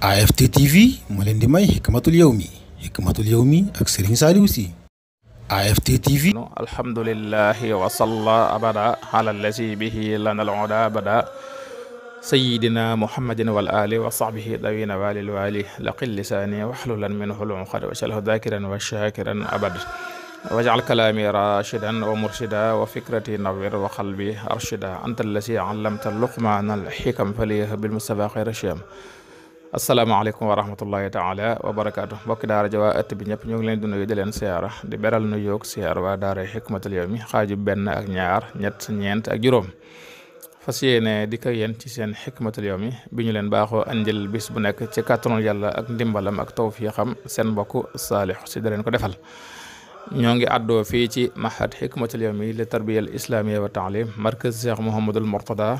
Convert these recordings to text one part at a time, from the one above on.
AFT TV moo leen di may Hikmatul Yawmi Hikmatul Yawmi ak Serigne Saliou Sy AFT TV alhamdulillahi wa salla abada ala allazi bihi lana al-huda abada sayyidina muhammadin wal ali wa sahbihi dawina walil wali laqil lisani wahlulan minhu al-uqad wa shalhu dhakiran wa shakiran abad wajal kalaami rashidan wa murshida wa fikrati nawir wa qalbi arshida anta allazi allamta luqmana al-hikam faliyah bil mustafa khayra shiyam asalaamaaleykum wa rahmatullahi taala wa barakaatu mbokki daara ja waa ëtt bi ñëpp ñu ngi leen di nuyu di leen siyaara di beral nu yoog siyaar waa daara xikmatul yawmi xaaju benn ak ñaar ñett ñeent ak juróom fas yéene di ko yéen ci seen xikmatul yawmi bi ñu leen baaxoo andil bis bu nekk ci kàttanul yàlla ak ndimbalam ak tawfiixam seen mbokk saalixu si da leen ko defal ñoo ngi àddoo fii ci mahad xikmatul yawmi li tarbiyal islamiya wa taalim markaz cheikh mouhamadul mourtada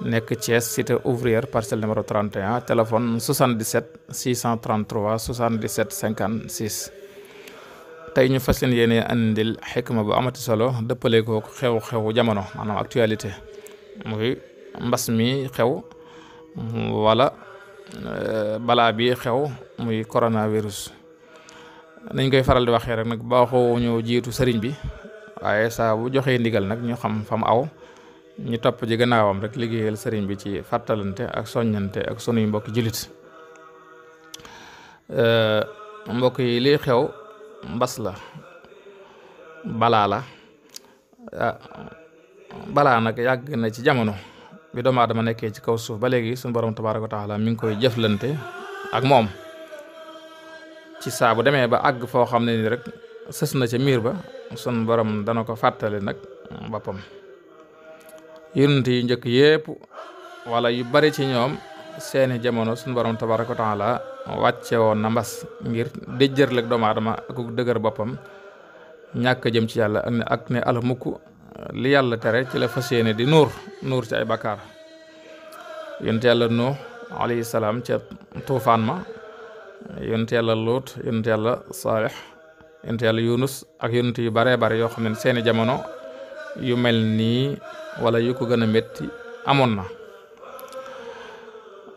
nekk Thiès cité ouvrière parcelle numéro 31 téléphone 77 633 77 56. tey ñu fas leen yéene andil xikma bu amati solo dëppale ko xew-xewu jamono maanaam actualité muy mbas mi xew wala euh, balaa bi xew muy coronavirus. nañ koy faral di waxee rek nag baaxoo ñu jiitu sëriñ bi waaye saa bu joxee ndigal nag ñu xam fam aw. ñu topp ji gannaawam rek liggéeyal sëriñ bi ci fàttalante ak soññante ak sunuy mbokki jullit eh, mbokk yi liy xew mbas la balaa la ah, balaa nag yàgg na ci jamono bi doomu aadama nekkee ci kaw suuf ba léegi suñu borom tabaaraka wa taala mi ngi koy jëflante ak moom ci saa bu demee ba àgg foo xam ne ni rek sës na ca miir ba sun borom dana ko fàttali nag boppam yonent yu njëkk yépp walla yu bari ci ñoom seeni jamono suñu borom tabaraka wa taala wàcce woon na mbas ngir déjjërlek doomu aadama ak dëgër boppam ñàkk jëm ci yàlla ak ne ala mukk li yàlla tere ci la fas yéene di nuur nuur ci ay bakkaar yonent yàlla nuux alayhi salaam ca tuufaan ma yonent yàlla luut yonent yàlla saalix yonent yàlla yunus ak yonent yu baree bare yoo xam ne seeni jamono yu mel nii wala yu ko gën a metti amoon na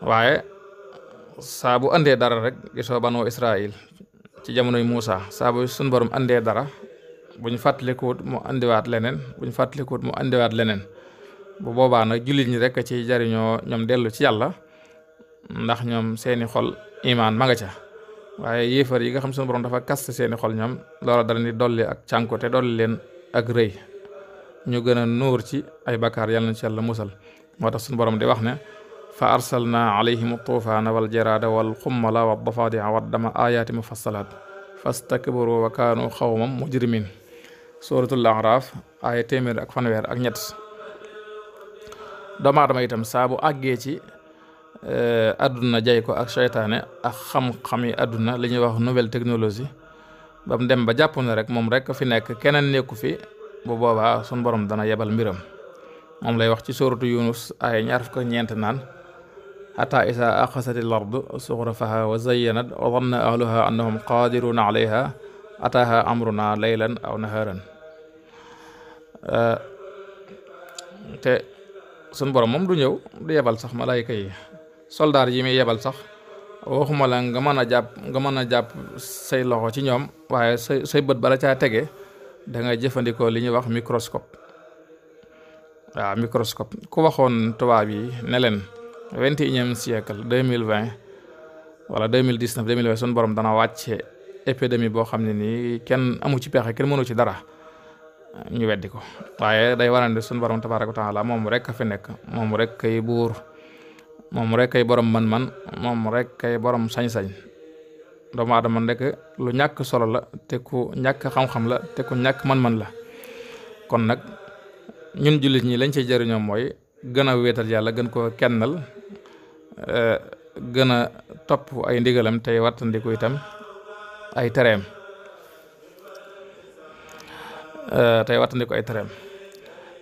waaye saabu bu dara rek gisoo banu Israil ci jamonoy Muusa saa bu suñ borom andee dara buñ fàttalikuwut mu indiwaat leneen buñ fàttalikuwut mu andiwaat leneen bu boobaa nag jullit ñi rek ci jariñoo ñoom dellu ci yàlla ndax ñoom seeni xol imaan manga ca waaye yéefar yi nga xam suñu borom dafa kast seeni xol ñoom loola dara ni dolli ak cànku te dolli leen ak rëy ñu gën a nuur ci ay bakkaar yàlla na ci yàlla musal moo tax suñu borom di wax ne fa arsalna alayhim tuufaana wal jarada wal xummala wa dafadia wa dama ayaati mufassalaat fastakbaru wa kaanu xawmam mujrimin suratul araaf aaya téeméer ak fanweer ak ñett doomu aadama itam saa àggee ci eh, àdduna jay ko ak seytaane ak xam-xami àdduna li ñuy wax nouvelle technologie ba dem ba jàpp na rek moom rek fi nekk keneen nekku fi bu boobaa sun borom dana yebal mbiram moom lay wax ci sóoratu yunus ay ñaar fukk ñeent naan xata isaa aqasati l ard suxrafaha wa aw naharan te sun borom yebal sax malayka yi soldaar yi muy yebal sax waxuma la nga mën a jàpp nga mën a jàpp say loxo ci ñoom waaye say bët bala caa tege da jëfandikoo li ñuy wax microscope waaw microscope ku waxoon tubaab yi ne leen vingt et unième siècle deux mille vingt wala deux mille dix neuf deux mille vingt suñu borom dana wàcce épidémie boo xam ne nii kenn amu ci pexe kenn mënu ci dara ñu weddi ko waaye day warande suñu borom tabaaraka tam taala moom rek a fi nekk moom rek kay buur moom rek kay borom man-man moom rek kay borom sañ-sañ. doomu aadama nekk lu ñàkk solo la te ku ñàkk xam-xam la te ku ñàkk man-man la kon nag ñun jullit ñi lañ ci jëriñoo mooy gën a wéetal yàlla gën koo kennal e, gën a topp ay ndigalam tey wattandiku itam ay tereem e, tey wattandiku ay tereem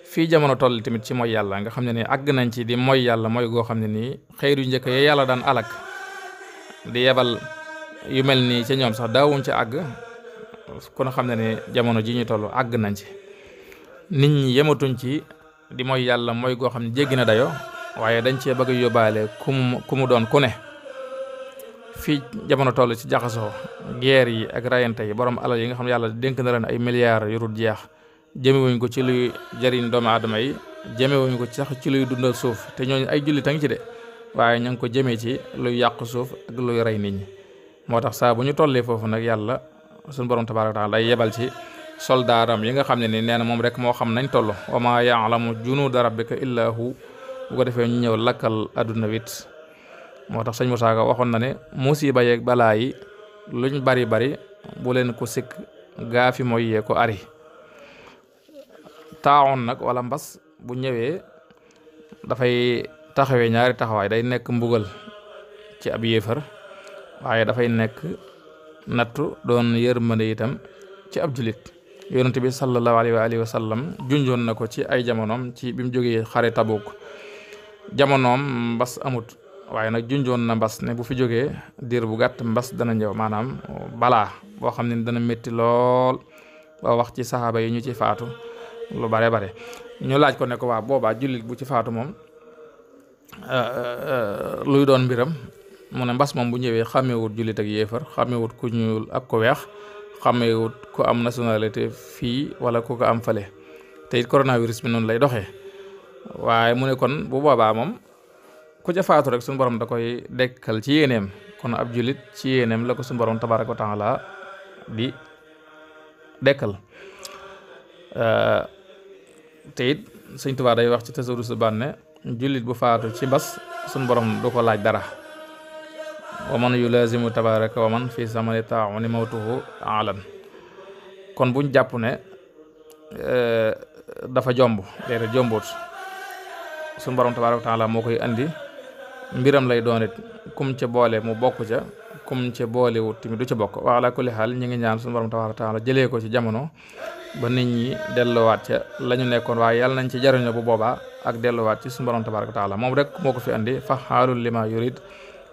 fii jamono toll tamit ci mooy yàlla nga xam ne ni àgg nañ ci di mooy yàlla mooy goo xam ne nii xëyru njëkk ya yàlla daan alak di yebal yu mel nii ca ñoom sax daawuñ ci àgg kon xam ne ne jamono ji ñu toll àgg nañ ci nit ñi yematuñ ci di mooy yàlla mooy goo xam ne jéggi na dayo waaye dañ cee bëgg yóbbaale ku mu ku mu doon ku ne fii jamono toll ci jaxasoo guerre yi ak rayante yi borom alal yi nga xam ne yàlla dénk na leen ay milliards yu jeex jëmewuñ ko ci luy jariñ doomu aadama yi jëmewuñ ko sax ci luy dundal suuf te ñooñu ay jullit a ngi ci de waaye ñoo ngi ko jëmee ci luy yàq suuf ak luy nit ñi moo tax saa bu ñu tollee foofu nag yàlla suñu borom tabaaraka taala day yebal ci soldaaram yi nga xam ne ni nee na moom rek moo xam nañ toll wa maa yaalamu junuuda rabbika illaa hu bu ko defee ñu ñëw lakkal adduna wit moo tax sëñ Moussa Ka waxoon na ne musiba yeeg balaa yi luñ bari bari bu leen ko sikk gaafi mooy yee ko ari taaxoon nag wala mbas bu ñëwee dafay taxawee ñaari taxawaay day nekk mbugal ci ab yéefar waaye dafay nekk nattu doon yërmande itam ci ab julit yonent bi sallallahu alayhi wa sallam junjoon na ko ci ay jamonoom ci bi mu jógee xare Tabuk jamonoom mbas amut waaye nag junjoon na mbas ne bu fi jógee diir bu gàtt mbas dana ñëw maanaam balaa boo xam ne dana métti lool ba wax ci saxaaba yi ñu ci faatu lu bare bare ñu laaj ko ne ko waa boobaa jullit bu ci faatu moom euh, euh, euh, luy doon mbiram mu ne mbas moom bu ñëwee xàmmeewut jullit ak yéefar wut ku ñuul ak ku weex xàmmeewut ku am nationalité fii wala ku ko am fale te it coronavirus bi noonu lay doxe waaye mu ne kon bu boobaa moom ku ca faatu rek suñu borom da koy dekkal ci yéeneem kon ab jullit ci yéeneem la ko suñu borom tabaaraka wa taala di dekkal te it sëñ Tuubaa day wax ci tasawudu su bànne jullit bu faatu ci mbas suñu borom du ko laaj dara wa man yulazimu tabaraka wa man fi samani tauni mawtuhu alam kon buñ jàpp ne eh, dafa jomb déedéet jomboot suñu borom tabaraka wa taala moo koy andi mbiram lay doon it ca boole mu bokk ca kum ca boolewut tamit du ca bokk wa ala kulli xaal ñu ngi ñaan suñu borom tabaraka wa taala jëlee ko ci jamono ba nit ñi delluwaat ca la ñu nekkoon waaye yàlla nañ ci jariñoo bu boobaa ak delluwaat ci suñu borom tabaraka wa taala moom rek moo ko fi andi fa xaalul lima yurid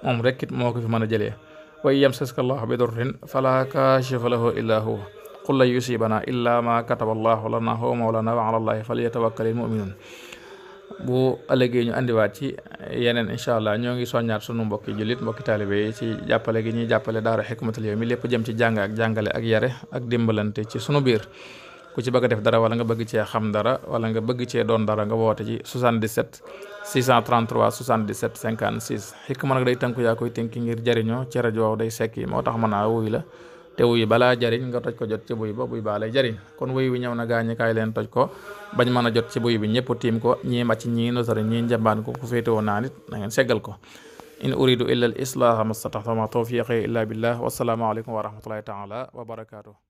moom rek it moo ko fi mën a jëlee wa yamsaska allahu bi durrin fala kaashifa lahu illa huwa qul lan yusibana illa ma kataba allahu lana huwa mawlana wa ala allahi falyatawakkalil mu'minun bu ëllëgee ñu andiwaat ci yeneen incha allah ñoo ngi soññaat sunu mbokki jullit mbokki taalibe yi ci jàppale gi ñuy jàppale daara xikmatul yawmi lépp jëm ci jàng ak jàngale ak yare ak dimbalante ci sunu biir ku ci bëgg a def dara wala nga bëgg cee xam dara wala nga bëgg cee doon dara nga woote ci 77 633 77 56 xikma nag day tënku yaa koy tënki ngir jariñoo ci rajo waaw day sekki moo tax mën naa wuy la te wuy balaa jariñ nga toj ko jot ci buy ba buy baa lay jariñ kon wuy bi ñëw na gaañi kaay leen toj ko bañ mën a jot ci buy bi ñëpp tiim ko ñii màcc ñii nosari ñii njambaan ko ku naa nit na ngeen seggal ko in uridu illa al islaaha mastataxtama tawfiqi illa billah wasalaamu aleykum wa rahmatullahi